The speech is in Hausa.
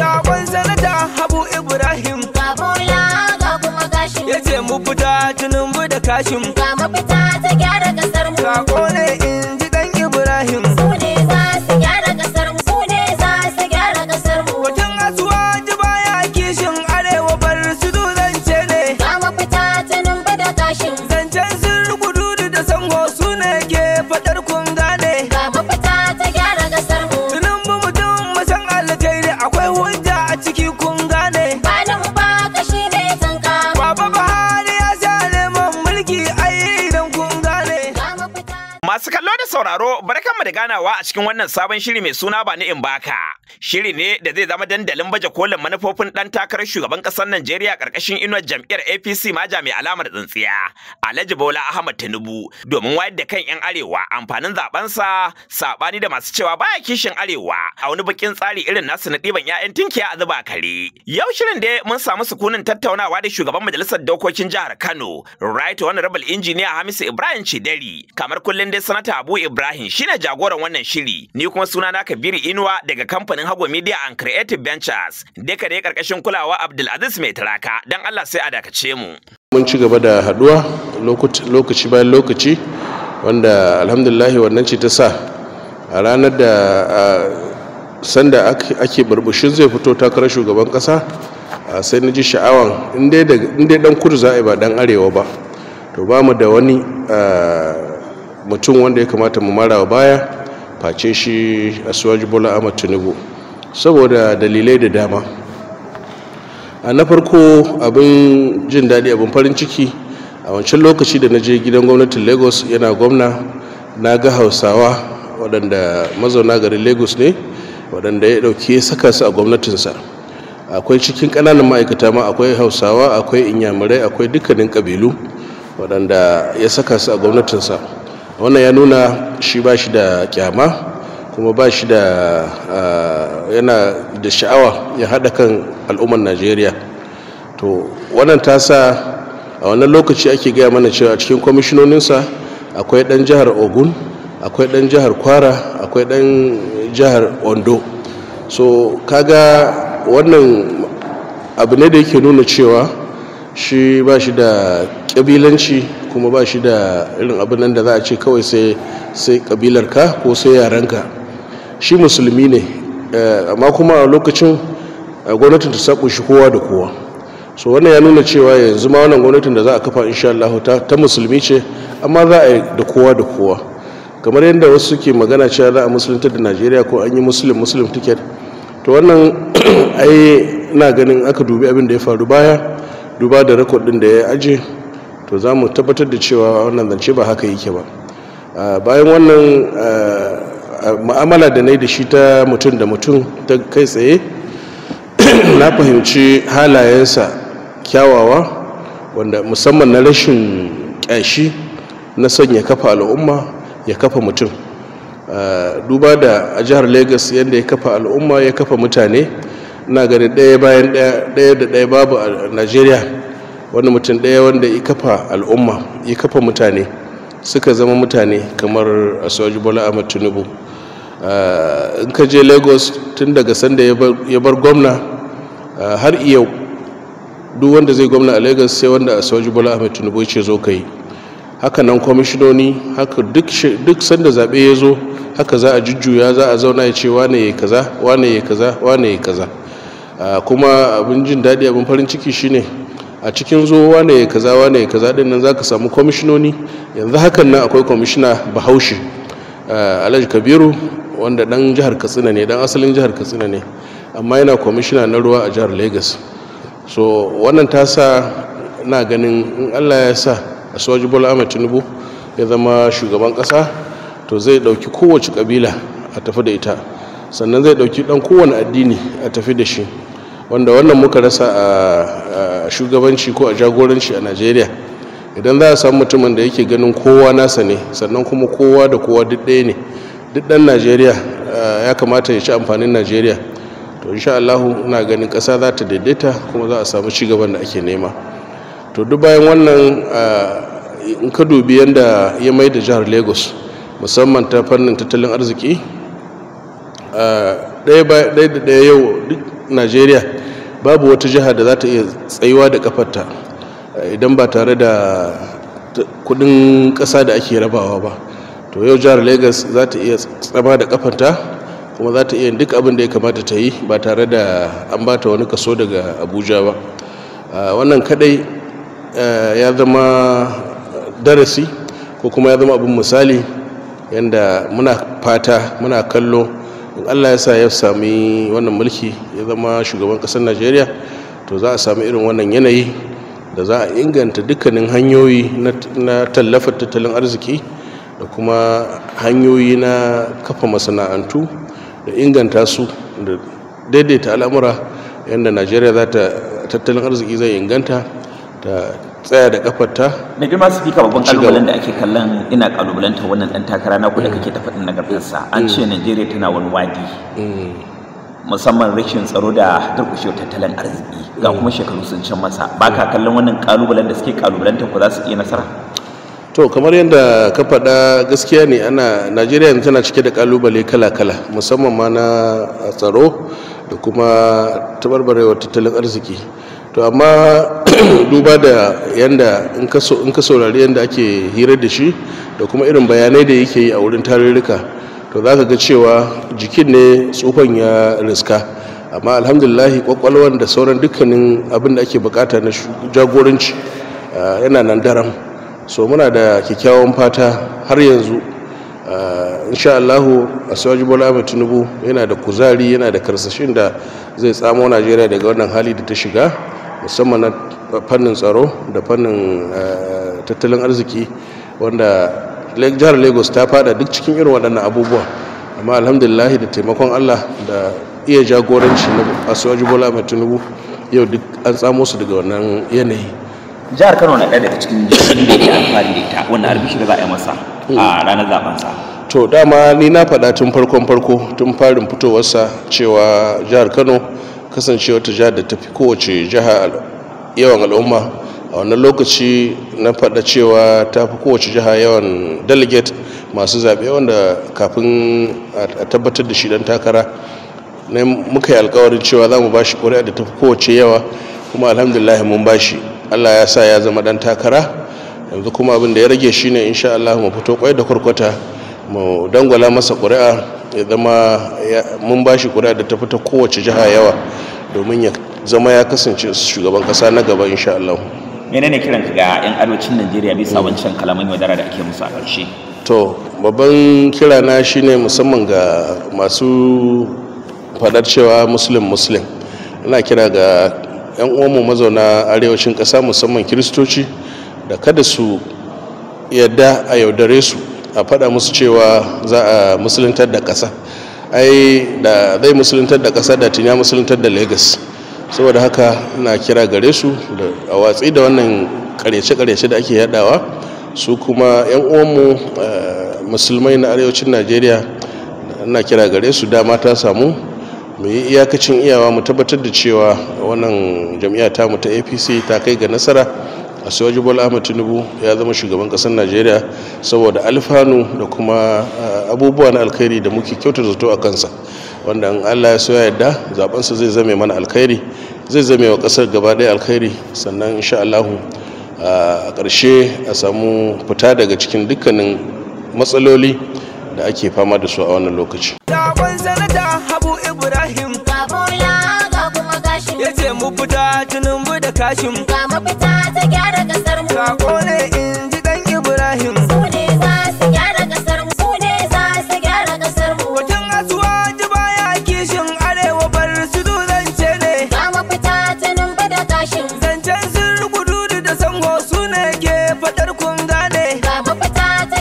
Sabon sanata Habu Ibrahim Ga ga kuma gashin Ya ce mu fita tunin da kashin Ga mafita ta gyara kasar mu Sako ne in Masu kallo da sauraro barkanmu da ganawa a cikin wannan sabon shiri mai suna ba ni in baka. Shiri ne da zai zama dandalin baje kolin manufofin dan takarar shugaban kasar Najeriya karkashin inuwar jam'iyyar APC ma mai alamar tsintsiya. Alhaji Bola Ahmad Tinubu domin wayar da kan 'yan arewa amfanin sa, sabani da masu cewa baya kishin arewa a wani bakin tsari irin nasu na ɗiban 'ya'yan tinkiya a zuba kare. Yau shirin da mun samu sukunin tattaunawa da shugaban majalisar dokokin jihar Kano, Right Honorable Engineer Hamisu Ibrahim Chideri, kamar kullum dai sanata Abu Ibrahim shine jagoran wannan shiri. Ni kuma sunana Kabiru Inuwa daga kamfanin Hago Media and Creative Ventures. Deka da karkashin kulawa Abdul Aziz Mai Taraka. Dan Allah sai a dakace mu. Mun ci gaba da haduwa lokaci bayan lokaci wanda alhamdulillah wannan ce ta sa a ranar da sanda ake barbushin zai fito takarar shugaban kasa sai na ji sha'awan in dai dan kudu za a yi ba dan arewa ba to ba mu da wani mutum wanda ya kamata mu marawa baya face shi asuwaji bola ahmad tinubu saboda dalilai da dama a na farko abin jin daɗi abin farin ciki a wancan lokaci da na je gidan gwamnatin lagos yana gwamna na ga hausawa waɗanda mazauna garin lagos ne waɗanda ya ɗauke saka su a gwamnatinsa akwai cikin ƙananan ma'aikata ma akwai hausawa akwai inyamurai akwai dukkanin ƙabilu waɗanda ya saka su a gwamnatinsa wannan ya nuna shi ba shi da kyama kuma ba shi da yana da sha'awa ya haɗa kan al'ummar najeriya to wannan ta sa a wannan lokaci ake gaya mana cewa cikin kwamishinoninsa akwai ɗan jihar ogun akwai ɗan jihar kwara akwai ɗan jihar ondo so kaga wannan abu ne da yake nuna cewa shi ba shi da ƙabilanci kuma ba shi da irin abin nan da za a ce kawai sai sai ka ko sai ka shi musulmi ne eh, amma kuma a lokacin eh, gwamnatin ta sako shi kowa da kowa so wannan ya nuna cewa yanzu ma wannan gwamnatin da za a kafa insha Allah ta, ta musulmi ce amma za a yi da kowa da kowa kamar yadda wasu suke magana cewa za a musulunta da Najeriya ko an yi muslim muslim ticket to wannan ai ina ganin aka dubi abin da ya faru baya duba da rekod din da ya aje to za mu tabbatar da cewa wannan zance ba haka yake ba bayan wannan ma'amala da na yi da shi ta mutum da mutum ta kai tsaye na fahimci halayensa kyawawa wanda musamman na rashin ƙyashi na son ya kafa al'umma ya kafa mutum duba da a jihar lagos yadda ya kafa al'umma ya kafa mutane na gani ɗaya bayan ɗaya da ɗaya babu a najeriya wani mutum ɗaya wanda ya kafa al'umma ya kafa mutane suka zama mutane kamar a soji bola ahmad tinubu ah, in ka je lagos tun daga sanda ya bar gwamna ah, har iya duk wanda zai gwamna a lagos sai wanda a soji bola ahmad tinubu ce zo ka yi haka nan kwamishinoni haka duk sanda zaɓe ya zo haka za a jujjuya za a zauna ya ce wane ya kaza wane ya kaza wane ya kaza ah, kuma abin jin daɗi abin farin ciki shine a cikin zo wane ya kaza wane ya kaza din nan za ka samu kwamishinoni yanzu hakan nan akwai kwamishina bahaushe eh, alhaji kabiru wanda dan jihar katsina ne dan asalin jihar katsina ne amma yana kwamishina na ruwa a jihar lagos so wannan ta sa na ganin in allah ya sa a soji bola tinubu ya zama shugaban kasa to zai dauki kowace kabila a tafi da ita sannan zai dauki dan kowane addini a tafi da shi wanda wannan muka rasa a shugabanci ko a jagoranci a najeriya idan za a samu mutumin da yake ganin kowa nasa ne sannan kuma kowa da kowa duk ɗaya ne duk ɗan najeriya ya kamata ya ci amfanin najeriya to insha allahu ina ganin ƙasa za ta daidaita kuma za a samu cigaban da ake nema to duk bayan wannan in ka dubi yadda ya mai da jihar lagos musamman ta fannin tattalin arziki ɗaya da ɗaya yau duk najeriya babu wata jiha da za ta iya tsayuwa da kafarta eh, idan ba tare da kudin ƙasa da ake rabawa ba to yau jihar lagos za ta iya tsama da kafarta kuma za ta iya duk abin da ya kamata ta yi ba tare da an ba ta wani kaso daga abuja ba eh, wannan kadai eh, ya zama darasi ko kuma ya zama abin misali yadda muna fata muna kallo in allah ya sa ya sami wannan mulki ya zama shugaban kasar najeriya to za a sami irin wannan yanayi da za a inganta dukkanin hanyoyi na tallafar tattalin arziki da kuma hanyoyi na kafa masana'antu da inganta su da daidaita al'amura yadda najeriya za ta tattalin arziki zai inganta ta tsaya da kafarta mai girma su fi babban kalubalen da ake kallon ina kalubalanta wannan dan takara na da mm. kake ta faɗin nagartarsa mm. an ce najeriya tana wani wadi mm. musamman rashin tsaro da durkushewar tattalin arziki ga kuma shekaru sun can masa ba ka kallon wannan kalubalen da suke kalubalanta ko za su iya nasara to kamar yadda ka faɗa gaskiya ne ana najeriya tana cike da kalubale kala-kala musamman ma na tsaro da kuma tabarbarewar tattalin arziki to amma duba da yadda in ka saurari yanda ake hira da shi da kuma irin bayanai da yake yi a wurin tarurruka to za ka ga cewa jikin ne tsufan ya riska amma alhamdulillahi kwakwalwan da sauran dukkanin abin da ake bukata na jagoranci yana nan daram so muna da kyakkyawan fata har yanzu insha Allahu Asiwaji Bola Ahmed Tinubu yana da kuzari yana da karsashin da zai tsamo Najeriya daga wannan hali da ta shiga musamman na fannin tsaro da fannin eh, tattalin arziki wanda jihar lagos ta fada duk cikin irin waɗannan abubuwa amma alhamdulillah da taimakon allah da iya jagoranci na asuwaji bola mai tunubu, yau duk an tsamo su daga wannan yanayi jihar kano na ɗaya daga cikin jihar da ke alfahari da ita wanda arbishi da za a yi masa a hmm. ranar sa. to dama ni na faɗa tun farkon farko tun farin fitowarsa cewa jihar kano kasancewar ta jihar da ta fi kowace jiha yawan al'umma a wannan lokaci na faɗa cewa ta fi kowace jiha yawan delegate masu zaɓe wanda kafin a tabbatar da shi dan takara ne muka yi alkawarin cewa za mu ba shi ƙuri'a da ta fi kowace yawa kuma alhamdulillah mun ba shi allah ya sa ya zama dan takara yanzu kuma abin da ya rage shine insha allah mu fito kwai da kwarkwata mu dangwala masa ƙuri'a ya zama mun ba shi kuda da tafi ta kowace jiha yawa domin ya zama ya kasance shugaban kasa na gaba insha Allah menene kiran ga yan arewacin Najeriya bisa wancan kalaman yaudara da ake musu a ƙarshe to babban kira na shine musamman ga masu fadar cewa muslim muslim ina kira ga yan uwanmu mazauna arewacin ƙasa musamman kiristoci da kada su yadda a yaudare su a faɗa musu cewa za a musuluntar da ƙasa ai da zai musuluntar da ƙasa da tinya musuluntar da lagos saboda haka na kira gare su a watsi da wannan karyace-karyace da ake yadawa su kuma 'yan uwanmu eh, musulmai na arewacin najeriya na kira gare su dama ta samu mu yi iyakacin iyawa mu tabbatar da cewa wannan jam'iyya mu ta apc ta kai ga nasara a soji bola ahmad tinubu ya zama shugaban kasar najeriya saboda alfanu da kuma ah, abubuwa na alkhairi da muke kyautar zato a kansa wanda an allah ya so ya yadda zabensa zai zame mana alkhairi zai zame wa kasar gaba ɗaya alkhairi sannan insha allahu ah, a ƙarshe a samu fita daga cikin dukkanin matsaloli da ake fama da su a wannan lokaci. Ibrahim ya ce mu fita tunan da kashin ga mafita ta gyara kasar mu